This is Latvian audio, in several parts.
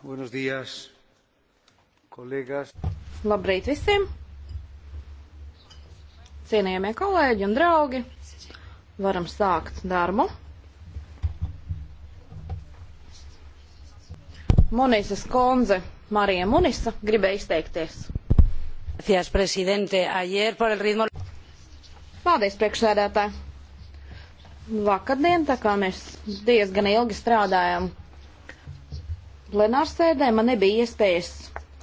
Buenos días, kolēģis. Labrīt visiem! Cienījamie kolēģi un draugi, varam sākt darbu. Monīsas konze Marija Munisa gribēja izteikties. Gracias, presidente. Ayer por el ritmo. Paldies, priekšsēdētāji. Vakardien, tā kā mēs diezgan ilgi strādājam plenārsēdē, man nebija iespējas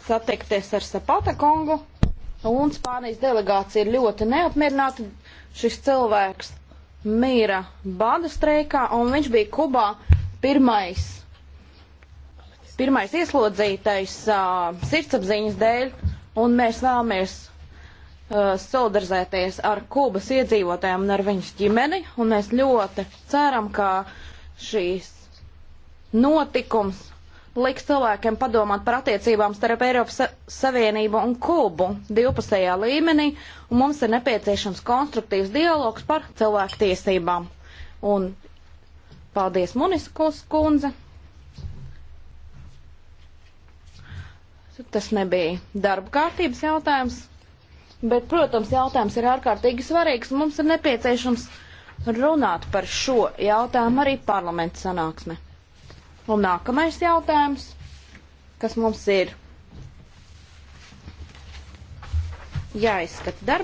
satikties ar Sapata kungu, un Spānijas delegācija ir ļoti neapmierināta. Šis cilvēks mīra bada streikā, un viņš bija Kubā pirmais pirmais ieslodzītais uh, sirdsapziņas dēļ, un mēs vēlamies uh, solidarizēties ar Kubas iedzīvotājiem un ar viņas ģimeni, un mēs ļoti ceram, ka šīs notikums liks cilvēkiem padomāt par attiecībām starp Eiropas Savienību un Kubu divpusējā līmenī, un mums ir nepieciešams konstruktīvs dialogs par cilvēku tiesībām. Un paldies Muniskus kundze! Tas nebija darba kārtības jautājums, bet, protams, jautājums ir ārkārtīgi svarīgs. Mums ir nepieciešams runāt par šo jautājumu arī parlamenta sanāksme. Un nākamais jautājums, kas mums ir jāizskata darba.